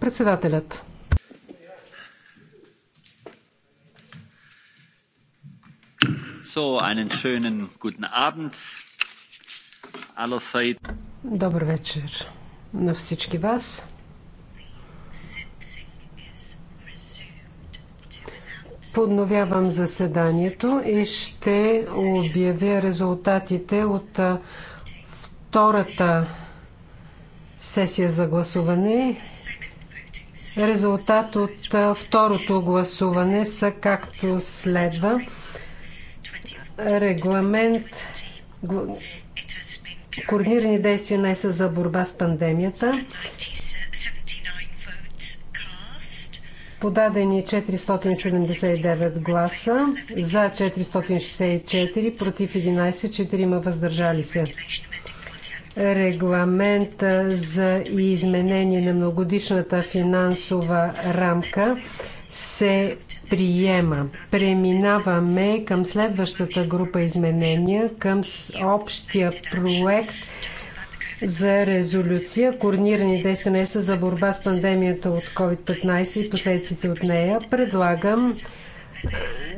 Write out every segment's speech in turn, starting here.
Председателят. So, einen schönen guten Abend. Добър вечер на всички вас. Подновявам заседанието и ще обявя резултатите от втората сесия за гласуване. Резултат от второто гласуване са както следва. Регламент Координирани действия на ЕС за борба с пандемията. Подадени 479 гласа, за 464, против 11, 4 въздържали се регламента за изменение на многодишната финансова рамка се приема. Преминаваме към следващата група изменения, към общия проект за резолюция Координирани действия на ЕС за борба с пандемията от COVID-15 и последствията от нея. Предлагам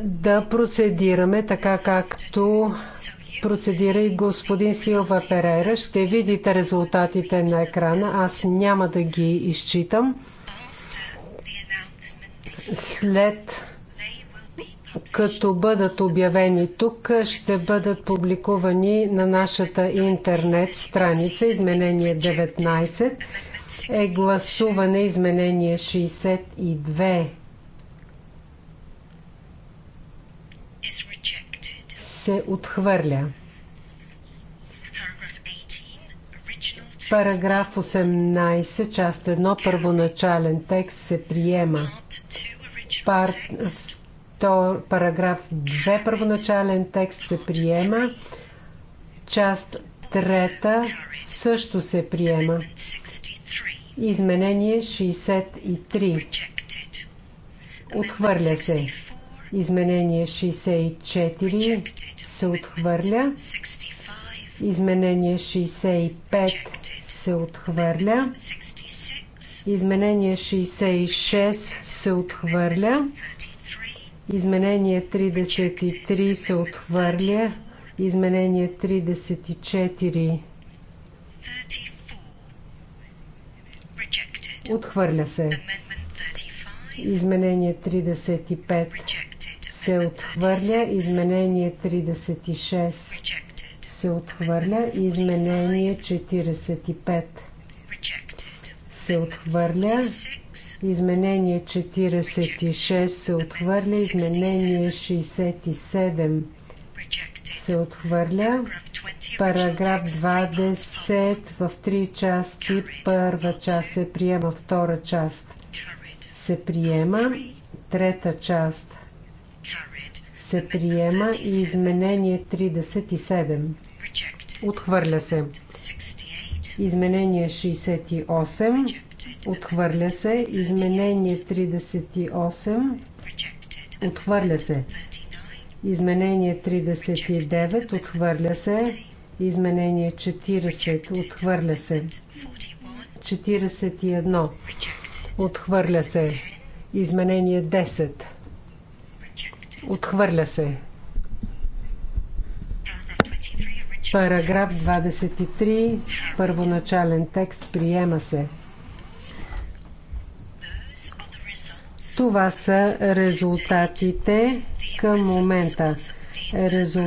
да процедираме така, както процедира и господин Силва Перера, Ще видите резултатите на екрана. Аз няма да ги изчитам. След като бъдат обявени тук, ще бъдат публикувани на нашата интернет страница изменение 19 е гласуване изменение 62. се отхвърля. Параграф 18, част 1, първоначален текст се приема. Пар... Параграф 2, първоначален текст се приема. Част 3 също се приема. Изменение 63. Отхвърля се. Изменение 64 се отхвърля. Изменение 65 се отхвърля. Изменение 66 се отхвърля. Изменение 33 се отхвърля. Изменение 34 отхвърля се. Изменение 35 се отхвърля. Изменение 36 се отхвърля. Изменение 45 се отхвърля. Изменение 46 се отхвърля. Изменение 67 се отхвърля. Параграф 20 в три части. Първа част се приема, втора част се приема, трета част се приема и изменение 37. Отхвърля се. Изменение 68. Отхвърля се. Изменение 38. Отхвърля се. Изменение 39. Отхвърля се. Изменение 40. Отхвърля се. 41. Отхвърля се. Изменение 10. Отхвърля се. Параграф 23, първоначален текст, приема се. Това са резултатите към момента. Резу...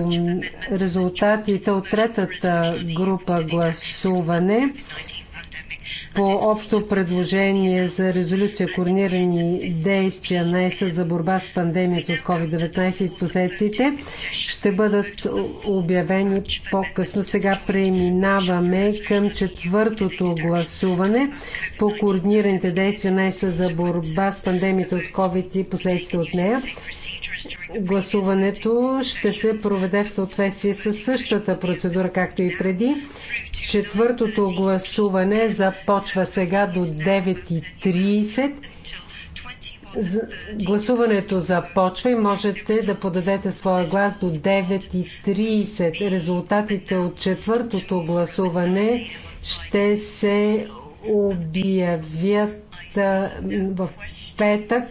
Резултатите от третата група гласуване по общо предложение за резолюция координирани действия на ЕС за борба с пандемията от COVID-19 и последствиите ще бъдат обявени по-късно. Сега преминаваме към четвъртото гласуване по координираните действия на ЕС за борба с пандемията от COVID и последствията от нея. Гласуването ще се проведе в съответствие с същата процедура, както и преди. Четвъртото гласуване започва сега до 9.30. Гласуването започва и можете да подадете своя глас до 9.30. Резултатите от четвъртото гласуване ще се обявят в петък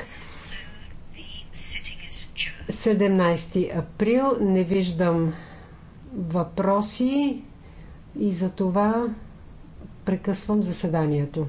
17 април. Не виждам въпроси и за това прекъсвам заседанието.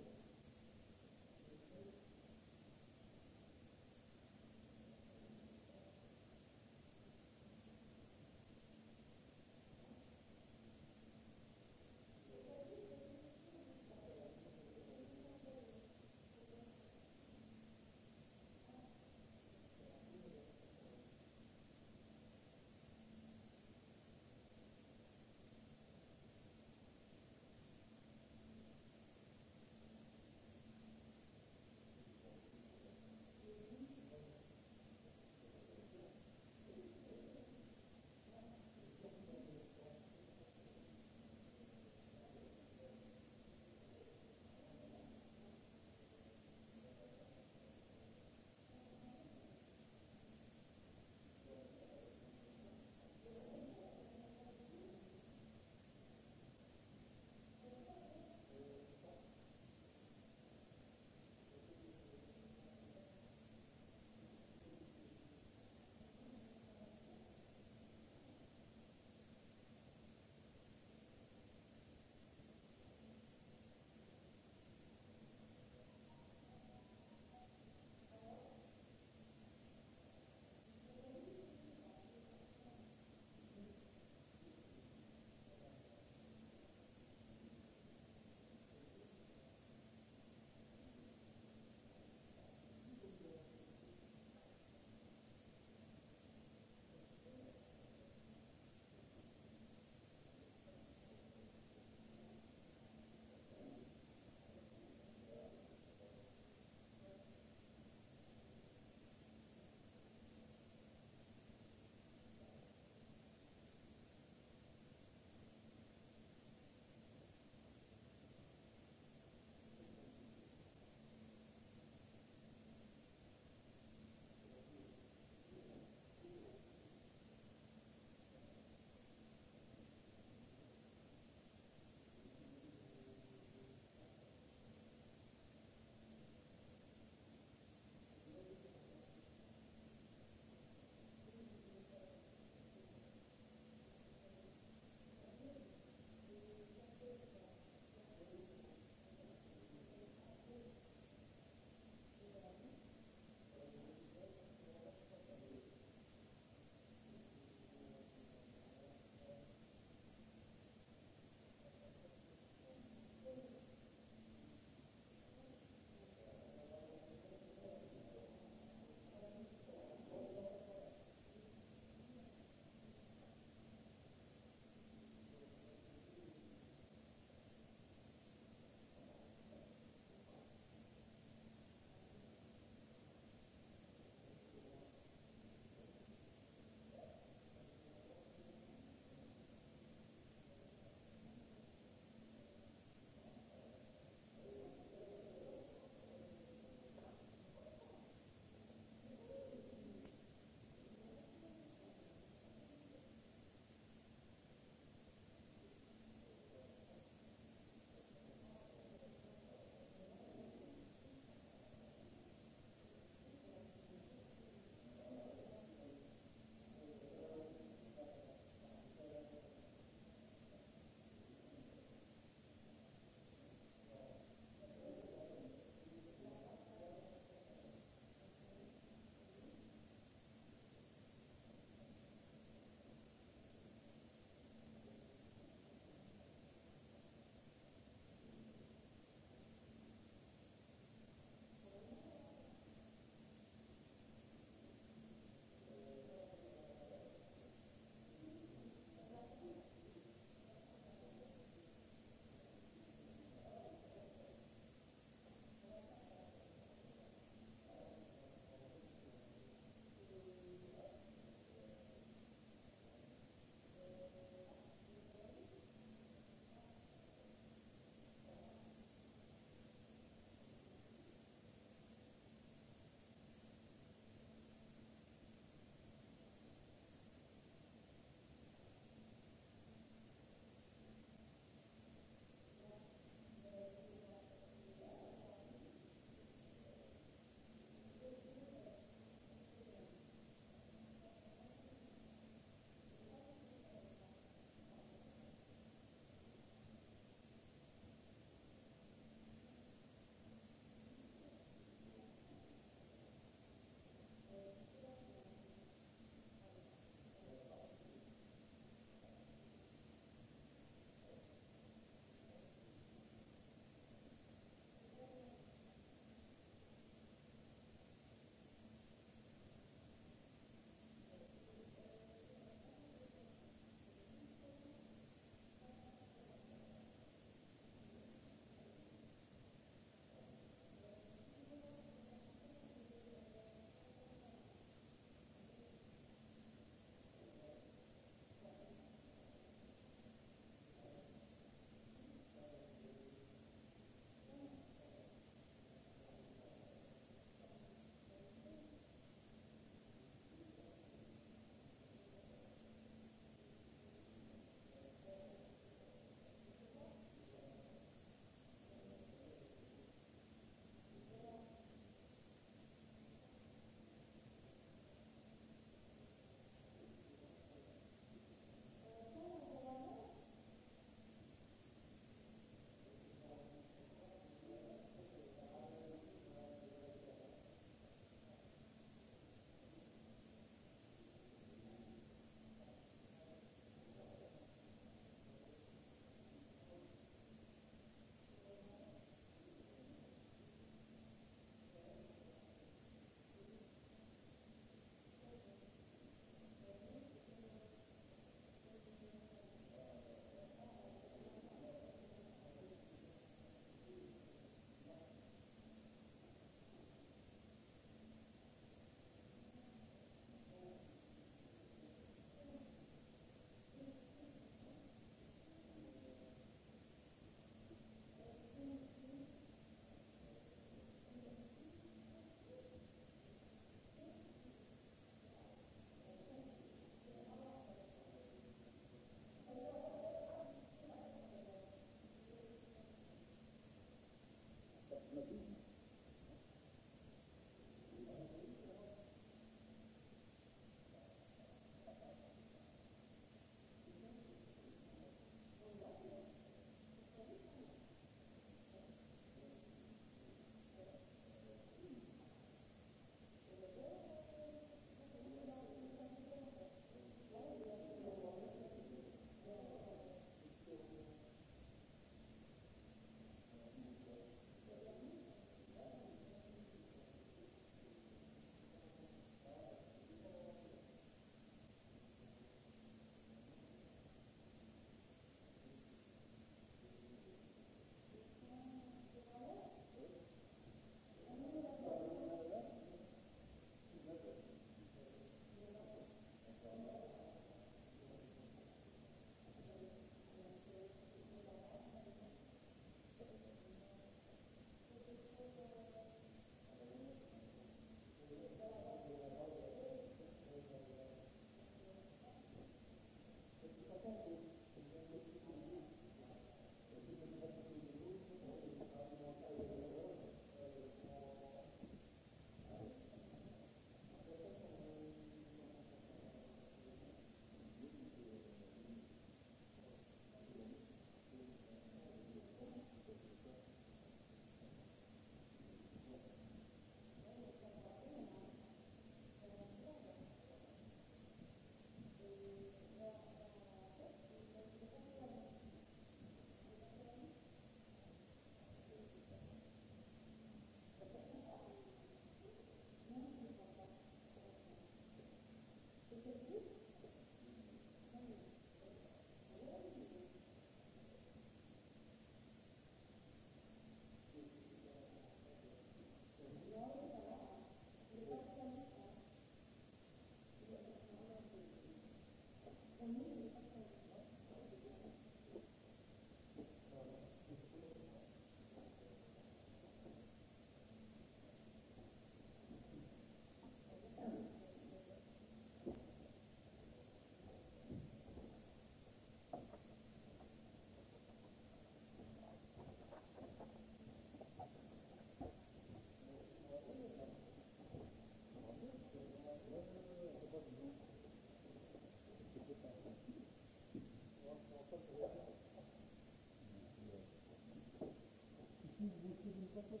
Donc,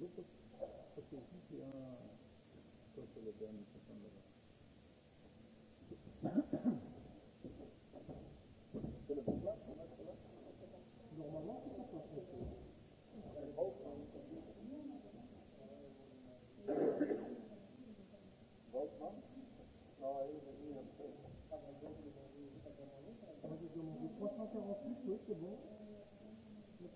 l'autre, parce que c'est un, ça, c'est le dernier,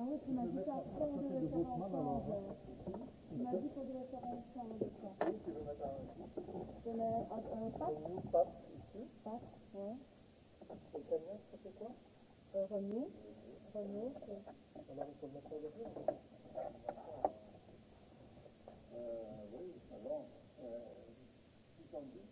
Ah oui, tu m'as dit qu'après on faire ensemble. faire ensemble ça. Oui, tu veux mettre ici. Renew. c'est. Alors, le mettre